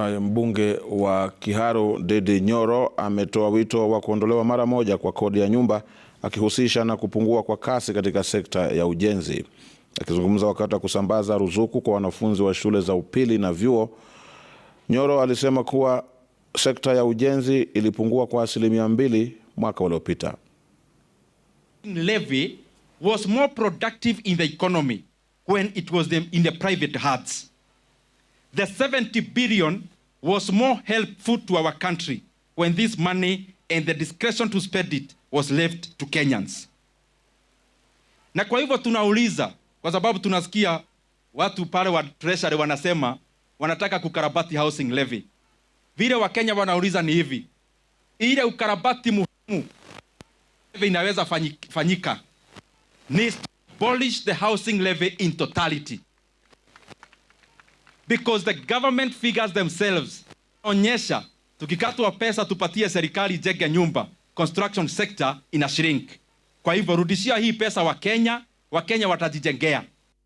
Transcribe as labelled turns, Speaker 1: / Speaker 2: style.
Speaker 1: Naye mbunge wa Kiharu Ndindi Nyoro ametoa wito wa kuondolewa mara moja kwa kodi ya nyumba akihusisha na kupungua kwa kasi katika sekta ya ujenzi. Akizungumza wakati wa kusambaza ruzuku kwa wanafunzi wa shule za upili na vyuo, Nyoro alisema kuwa sekta ya ujenzi ilipungua kwa asilimia mbili mwaka uliopita.
Speaker 2: Levy was more productive in the economy when it was in the private hands the 70 billion was more helpful to our country when this money and the discretion to spend it was left to Kenyans. Na kwa hivyo tunauliza, kwa sababu tunasikia watu pale wa treasury wanasema wanataka kukarabati housing levy. Vile Wakenya wanauliza ni hivi, ile ukarabati muhimu inaweza fanyika ni abolish the housing levy in totality because the government figures themselves onyesha tukikatwa pesa tupatie serikali jege nyumba, construction sector ina shrink. Kwa hivyo rudishia hii pesa wa wa Wakenya watajijengea.